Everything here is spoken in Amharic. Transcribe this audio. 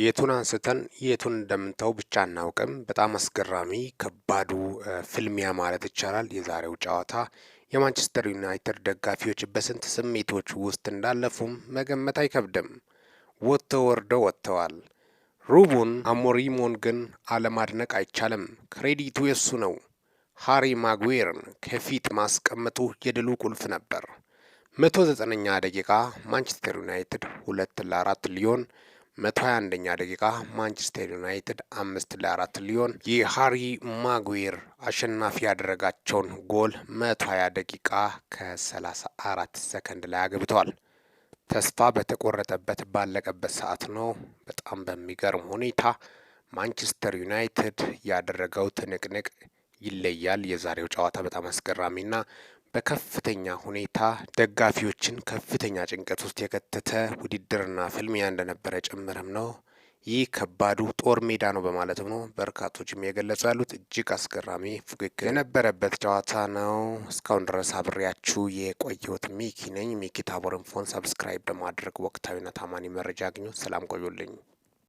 የቱን አንስተን የቱን እንደምንተው ብቻ አናውቅም። በጣም አስገራሚ ከባዱ ፍልሚያ ማለት ይቻላል የዛሬው ጨዋታ። የማንቸስተር ዩናይትድ ደጋፊዎች በስንት ስሜቶች ውስጥ እንዳለፉም መገመት አይከብድም። ወጥተው ወርደው ወጥተዋል። ሩቡን አሞሪሞን ግን አለማድነቅ አይቻልም። ክሬዲቱ የሱ ነው። ሃሪ ማግዌርን ከፊት ማስቀመጡ የድሉ ቁልፍ ነበር። መቶ ዘጠነኛ ደቂቃ ማንቸስተር ዩናይትድ ሁለት ለአራት ሊዮን 121ኛ ደቂቃ ማንቸስተር ዩናይትድ አምስት ለአራት ሊዮን የሃሪ ማጉዌር አሸናፊ ያደረጋቸውን ጎል 1ቶ20 ደቂቃ ከ34 ሰከንድ ላይ አግብተዋል። ተስፋ በተቆረጠበት ባለቀበት ሰዓት ነው። በጣም በሚገርም ሁኔታ ማንቸስተር ዩናይትድ ያደረገው ትንቅንቅ ይለያል። የዛሬው ጨዋታ በጣም አስገራሚ አስገራሚና በከፍተኛ ሁኔታ ደጋፊዎችን ከፍተኛ ጭንቀት ውስጥ የከተተ ውድድርና ፍልሚያ እንደነበረ ጭምርም ነው። ይህ ከባዱ ጦር ሜዳ ነው በማለትም ነው በርካቶችም የገለጹ ያሉት። እጅግ አስገራሚ ፉክክር የነበረበት ጨዋታ ነው። እስካሁን ድረስ አብሬያችሁ የቆየሁት ሚኪ ነኝ። ሚኪ ታቦርን ፎን ሰብስክራይብ በማድረግ ወቅታዊና ታማኒ መረጃ አግኙ። ሰላም ቆዩልኝ።